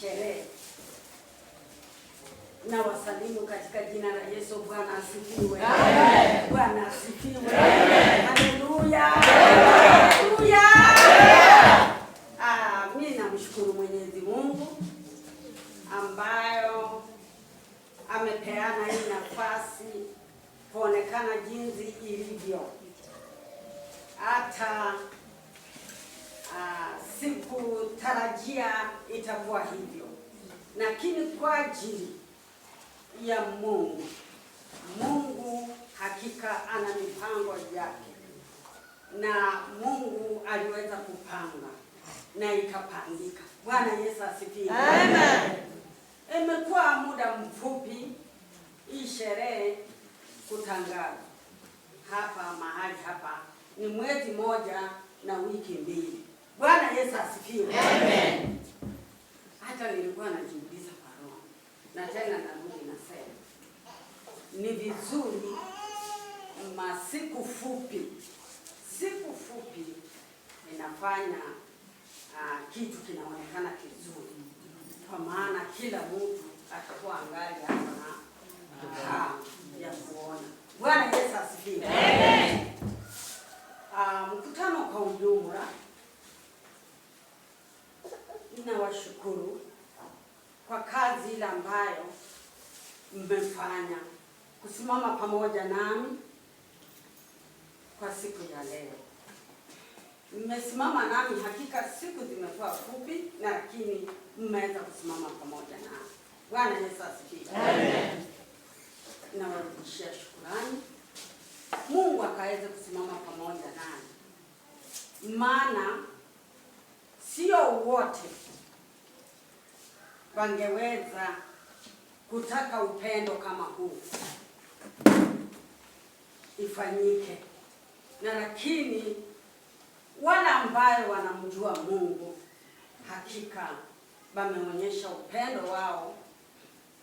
sherehe na wasalimu katika jina la Yesu. Bwana asifiwe! Bwana asifiwe! Haleluya! Haleluya! Ah, mimi namshukuru Mwenyezi Mungu ambayo amepeana hii nafasi kuonekana jinsi ilivyo hata sikutarajia itakuwa hivyo, lakini kwa ajili ya Mungu, Mungu hakika ana mipango yake, na Mungu aliweza kupanga na ikapangika. Bwana Yesu asifiwe. Amen. Imekuwa muda mfupi hii sherehe kutangazwa hapa mahali hapa, ni mwezi moja na wiki mbili Bwana Yesu asifiwe. Amen. Hata nilikuwa najiuliza kwa roho. Na tena narudi nasema. Ni vizuri masiku fupi siku fupi inafanya uh, kitu kinaonekana kizuri, kwa maana kila mtu atakuwa angali ana ah, ya kuona. Bwana Yesu asifiwe. mmefanya kusimama pamoja nami kwa siku ya leo. Mmesimama nami, hakika siku zimekuwa fupi, lakini mmeweza kusimama pamoja nami. Bwana Yesu asifiwe. Amen. Nawarudishia shukurani Mungu akaweze kusimama pamoja nami, maana sio wote wangeweza kutaka upendo kama huu ifanyike na, lakini wale ambayo wanamjua Mungu hakika wameonyesha upendo wao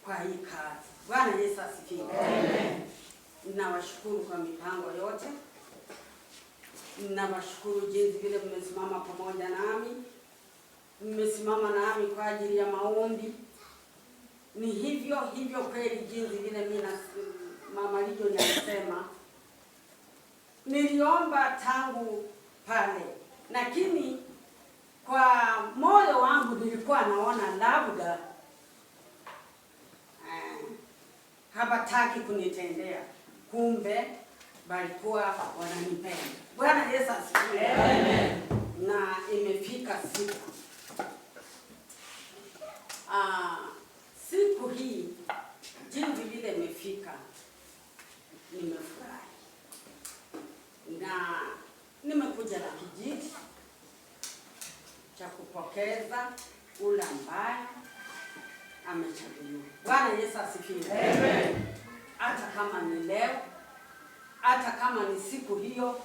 kwa hii kazi. Bwana Yesu asifiwe. Ninawashukuru kwa mipango yote, ninawashukuru jinsi vile mmesimama pamoja nami, mmesimama nami kwa ajili ya maombi ni hivyo hivyo kweli, jinsi vile mimi na mama Lijo nilisema, niliomba tangu pale, lakini kwa moyo wangu nilikuwa naona labda eh, habataki kunitendea, kumbe balikuwa wananipenda. Bwana Yesu asifiwe. Amen. Na imefika siku ah, siku hii jinsi vile imefika, nimefurahi na nimekuja na kijiti cha kupokeza ule ambaye amechaguliwa. Bwana Yesu asifiwe. Amen. Hata kama ni leo, hata kama ni siku hiyo,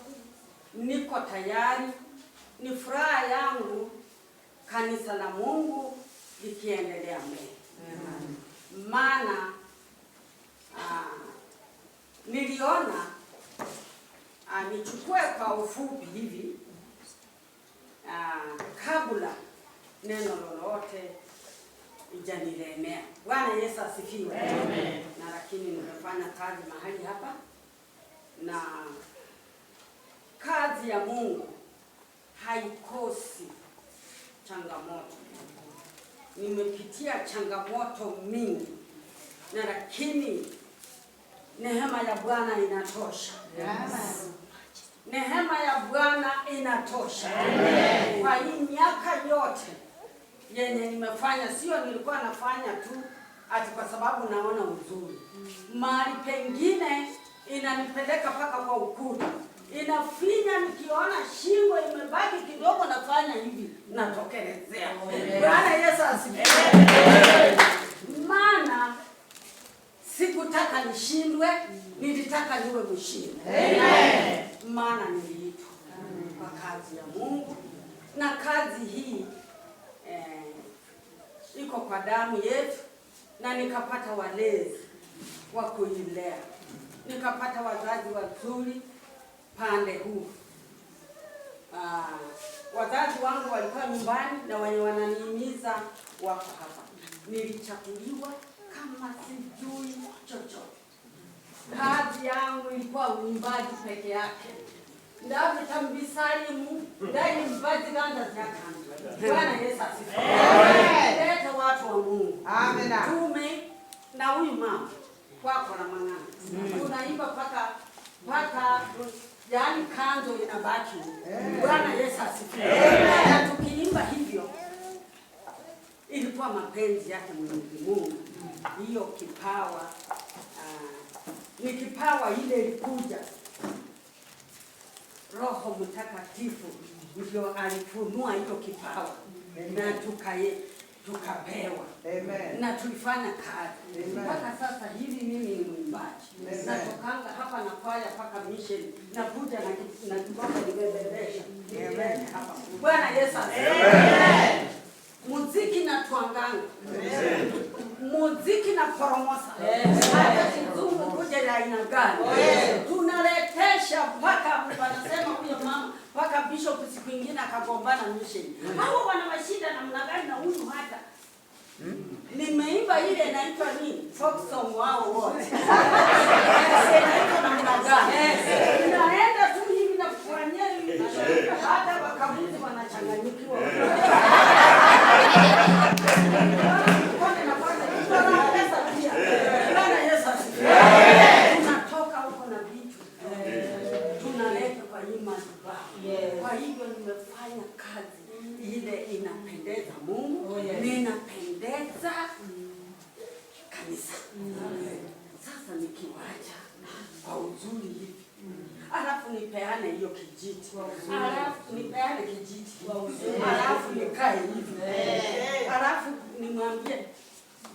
niko tayari. Ni furaha yangu kanisa la Mungu likiendelea mbele maana ah, niliona ah, nichukue kwa ufupi hivi ah, kabla neno lolote ijanilemea. Bwana Yesu asifiwe. Amen. Na lakini nimefanya kazi mahali hapa na kazi ya Mungu haikosi changamoto nimepitia changamoto mingi na lakini Nehema ya Bwana inatosha. Yes. Nehema ya Bwana inatosha. Amen. Kwa hii miaka yote yenye nimefanya, sio nilikuwa nafanya tu ati kwa sababu naona uzuri. Mm. Mahali pengine inanipeleka mpaka kwa ukuta. Inafika nikiona shingo imebaki kidogo nafanya hivi, natokelezea. Bwana Yesu asifiwe. Maana sikutaka nishindwe, nilitaka niwe mshindi, maana niliitwa kwa kazi ya Mungu na kazi hii eh, iko kwa damu yetu, na nikapata walezi wa kuilea, nikapata wazazi wazuri pande huu Uh, wazazi wangu walikuwa nyumbani na wenye wananihimiza wako hapa. Nilichaguliwa kama sijui chochote. Kazi yangu ilikuwa uimbaji peke yake. Ndavyo tambisalimu ndani mbaji ganda zyakanza. Bwana Yesu asifiwe. Leta watu wa Mungu. Amen. Tume na huyu mama kwako na mwanangu. Tunaimba paka paka yaani kanzo inabaki. Bwana Yesu asifiwe. Na tukiimba hivyo, ilikuwa mapenzi yake Mwenyezi Mungu, hiyo kipawa uh, ni kipawa ile ilikuja Roho Mtakatifu ndio alifunua hiyo kipawa na tukaye tukapewa na tulifanya kazi mpaka sasa hivi. Mimi ni mwimbaji, natokanga hapa na kwaya mpaka mission, nakuja na kiboko nimebebesha hapa. Bwana Yesu asifiwe. Muziki na twanganga muziki na koromosa hata kizungu kuja aina gani, tunaletesha mpaka wanasema huyo mama mpaka bishop siku nyingine akagombana mission. Hmm. Hao wana mashida namna gani na huyu hata hmm. nimeimba ile inaitwa nini? Folk song wao wote. Naenda tu hivi na kufanyia hivi. Hata wakabuzi wanachanganyikiwa. Yes. Kwa hivyo nimefanya kazi mm. ile inapendeza Mungu oh, yes. ninapendeza mm. kanisa mm. Sasa nikiwacha mm. kwa uzuri hivi mm. alafu nipeane hiyo kijiti, alafu nipeane kijiti, alafu nikae hivi, eh. alafu nimwambie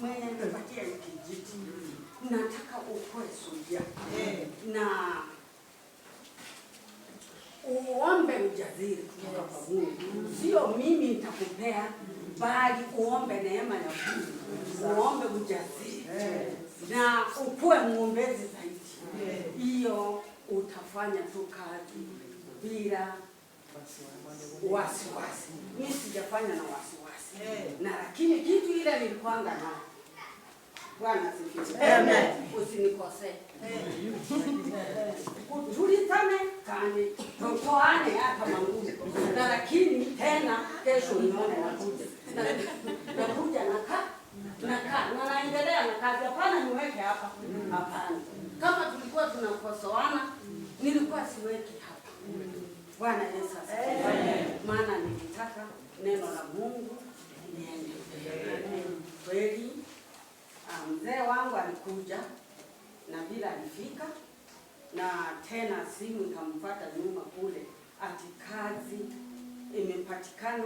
mwende patia kijiti, nataka ukoe suja na uombe ujaziri kutoka kwa Mungu, sio mimi nitakupea, bali uombe neema ya Mungu, uombe ujaziri na ukue mwombezi zaidi. Hiyo utafanya tu kazi bila wasiwasi. Mimi sijafanya na wasiwasi Eh, na lakini kitu ile nilikwanga na Bwana asifiwe. Amen. Usinikosee. Eh, tulitane kani tutoane hata mangumi na lakini tena kesho nione nakuja nakuja naka naka na naendelea na kazi. Hapana, niweke hapa hapana. Kama tulikuwa tunakosoana, nilikuwa siweki hapa. Bwana Yesu tena simu ikamfuata nyuma kule, ati kazi imepatikana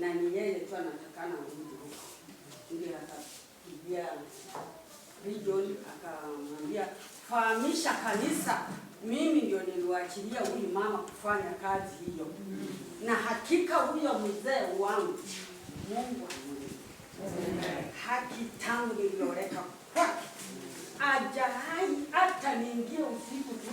na ni yeye tu anatakana urudi huko. Ndio akapigia region akamwambia, fahamisha kanisa mimi ndio niliwachilia huyu mama kufanya kazi hiyo, na hakika huyo mzee wangu Mungu haki tangu iliyoleka kwake, ajahai hata niingie usiku tu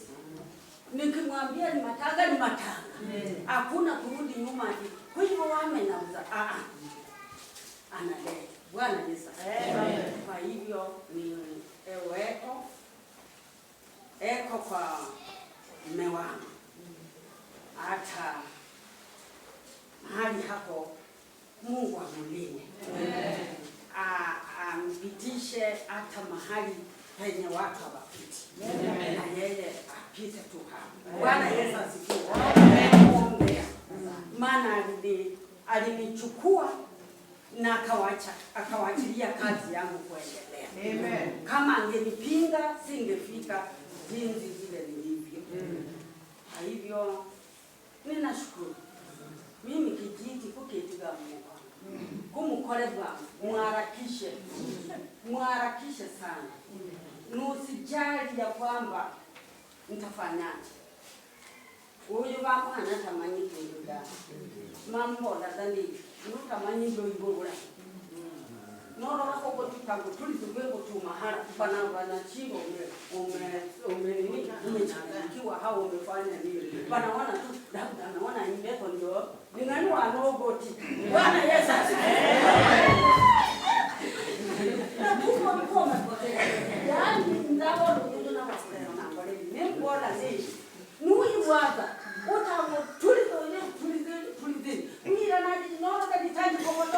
nikimwambia ni matanga ni matanga, hakuna kurudi nyuma. Kwa hivyo wame ah, ah. anadai Bwana Yesu. Kwa hivyo ni eweko eko kwa mume wangu hata mahali hapo, Mungu amulinde ampitishe hata mahali penye watu hawapiti na yeye apite tu hapo. Bwana Yesu asifiwe. Maana alinichukua na akawacha akawaachilia kazi yangu kuendelea. Amen. Kama angenipinga singefika jinsi zile nilivyo. Kwa hivyo ninashukuru mimi kijiji kukitiga Mungu kumukore bwangu mwarakishe mwaharakishe sana, nusijali ya kwamba nitafanyaje. Huyu mama anatamani kuinda mambo dadani nutamanyi ndoibobula norora koko tutango tulizimwengo tu mahala panavanachimba umenini umechanganyikiwa hao umefanya nini panaona tu labda anaona indeko ndio ningani wanogoti bwana yesu nuyiwaza utamo tulizoye tulizini mira nali noroga ditanji komoto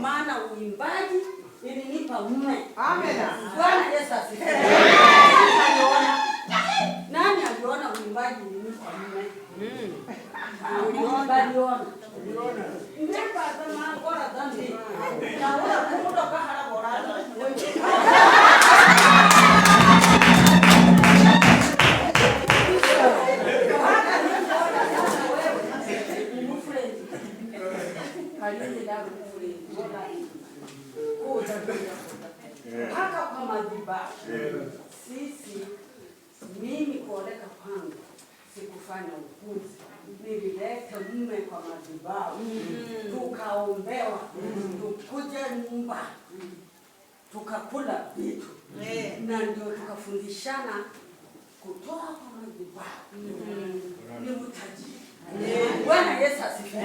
maana uimbaji ilinipa mume. Bwana Yesu asifiwe. Nani aliona uimbaji ilinipa mume? Uliona? Uliona? paka kwa madhibabu. Sisi mimi kuoleka kwangu sikufanya upuzi, nilileta mume kwa madhibabu, mm. tukaombewa, tukuja nyumba, tukakula vitu na ndio tukafundishana kutoa kwa madhibabu. Mm. Ni utajiri. Bwana Yesu asifiwe.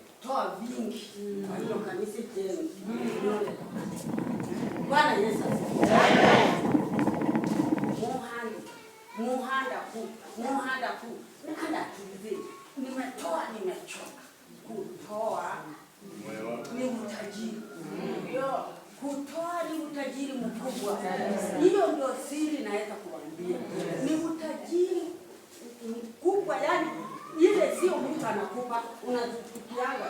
toa vingi kwa hilo kanisa jenu. Bwana Yesu asifiwe. Muhanda, muhanda ku, muhanda ku, nanda tulize. Nimetoa, nimechoka kutoa ni utajiri. Kutoa ni utajiri mkubwa. Hiyo ndio siri naweza kuambia, ni utajiri mkubwa yani ile sio mtu anakupa, unazifikianga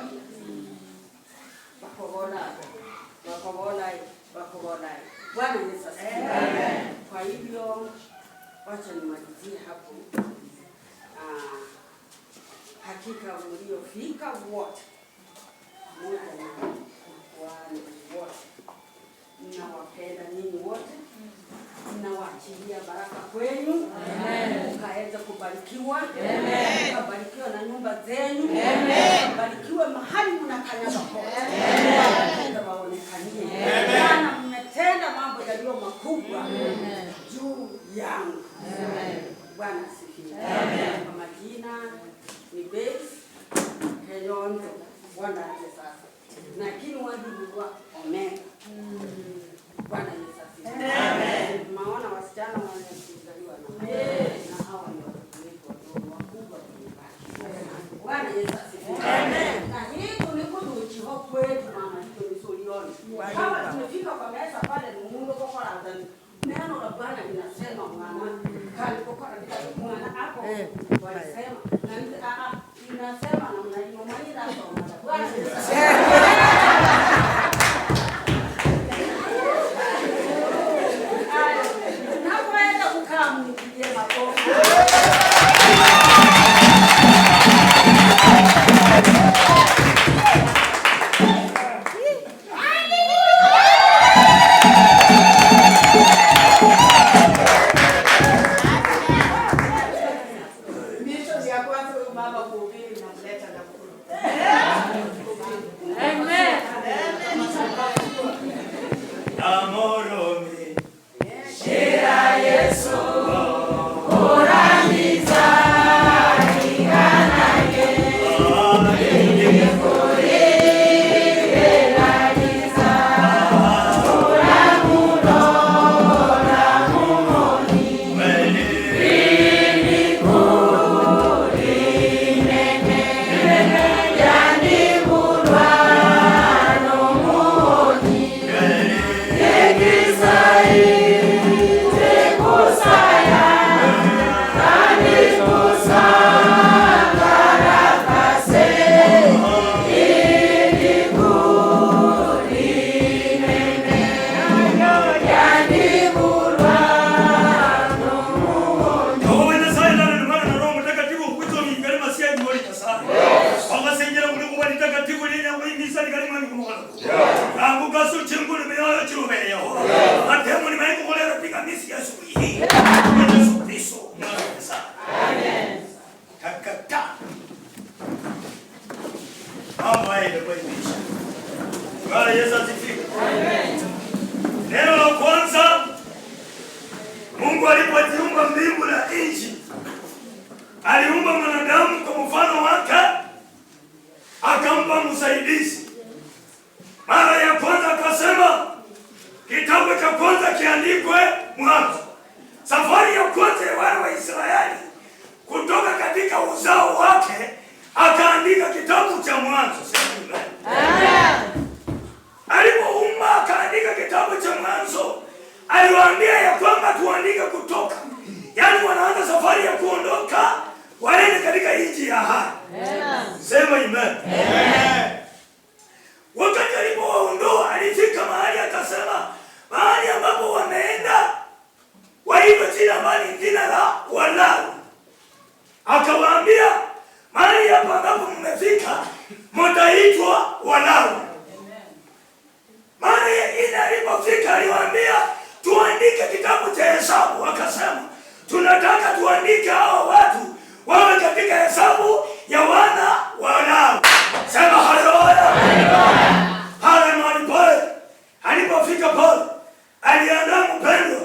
wakobola wakobola wakobola. Bwana Yesu asifiwe. Kwa hivyo wacha nimalizie hapo. Ah, hakika mliofika wote Mungu wote, nawapenda ninyi wote ninawaachilia baraka kwenu, mkaweza kubarikiwa, kubarikiwa na nyumba zenu, mkabarikiwe mahali mnakanyaga kote, waonekanie ana mmetenda mambo yaliyo makubwa juu yangu. Bwana asifiwe. Kwa majina ni Base Kayonzo, Bwana aje sasa, lakini wajibu wa wanao. Mara ile alipofika aliwaambia tuandike kitabu cha hesabu, wakasema tunataka tuandike hao watu wawe katika hesabu ya wana wa Sema haleluya, pale mahali pale alipofika pale aliandaa mpendwa,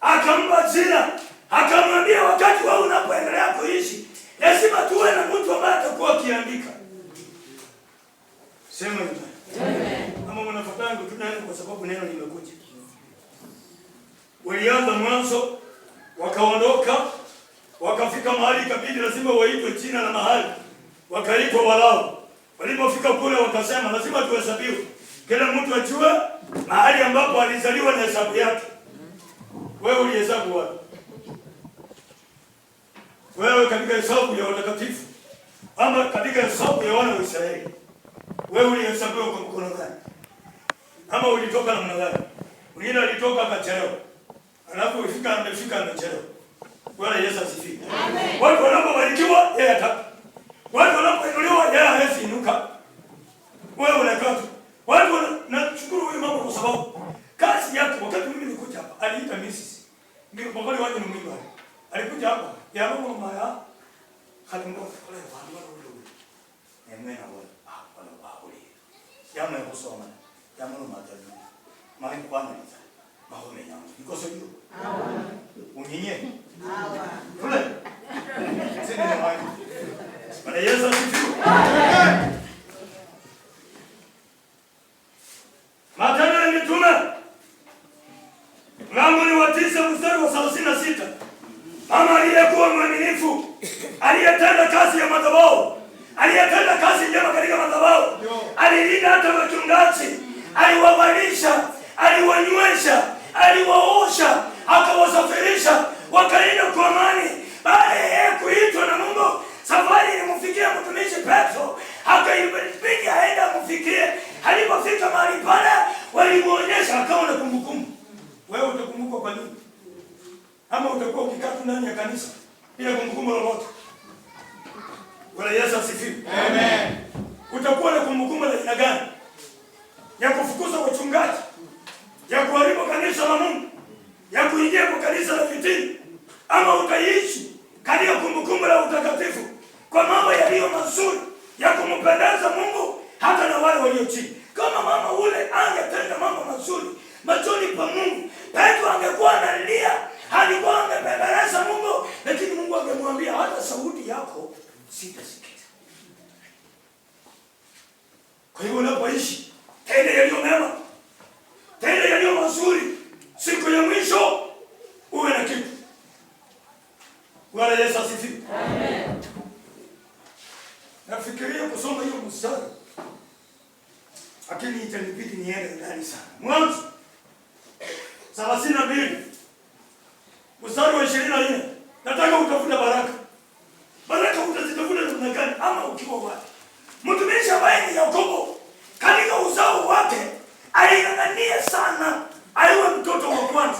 akampa jina, akamwambia wakati wewe unapoendelea kuishi lazima tuwe na mtu ambaye atakuwa akiandika Sema amen. Kama mnafatangu tunani kwa sababu neno limekuja. Walianza mwanzo wakaondoka wakafika mahali kabidi lazima waitwe jina la mahali. Wakaitwa Walawi. Walipofika kule wakasema lazima tuhesabiwe. Kila mtu ajue mahali ambapo alizaliwa na hesabu yake. Wewe ulihesabu wapi? Wewe katika hesabu ya watakatifu ama katika hesabu ya wana wa Israeli? Wewe ulihesabiwa kwa mkono gani? Ama ulitoka namna gani? Mwingine alitoka akachelewa, alafu ifika amefika amechelewa. Bwana Yesu asifiwe. Amen. Watu wanapobarikiwa yeye ataka, watu wanapoinuliwa yeye hawezi inuka. Wewe unakaa tu. Watu wanashukuru huyu mama kwa sababu kazi yako. Wakati mimi nilikuja hapa aliita Mrs. Ndio kwa kweli watu ni mwingi hapa. Alikuja hapa ya mama ya Kalimbo kwa wale wale wale. Amen. あのあこりやむねこそまやむのまたるまいこあなりたまほめやむいこそゆおにげふれせねまいまれやさしくまたならみとな mlango wa tisa mstari wa thelathini na sita mama aliyekuwa mwaminifu aliyetenda kazi ya madhabahu aliyetenda kazi njema katika madhabahu, alilinda hata wachungaji, aliwavalisha, aliwanywesha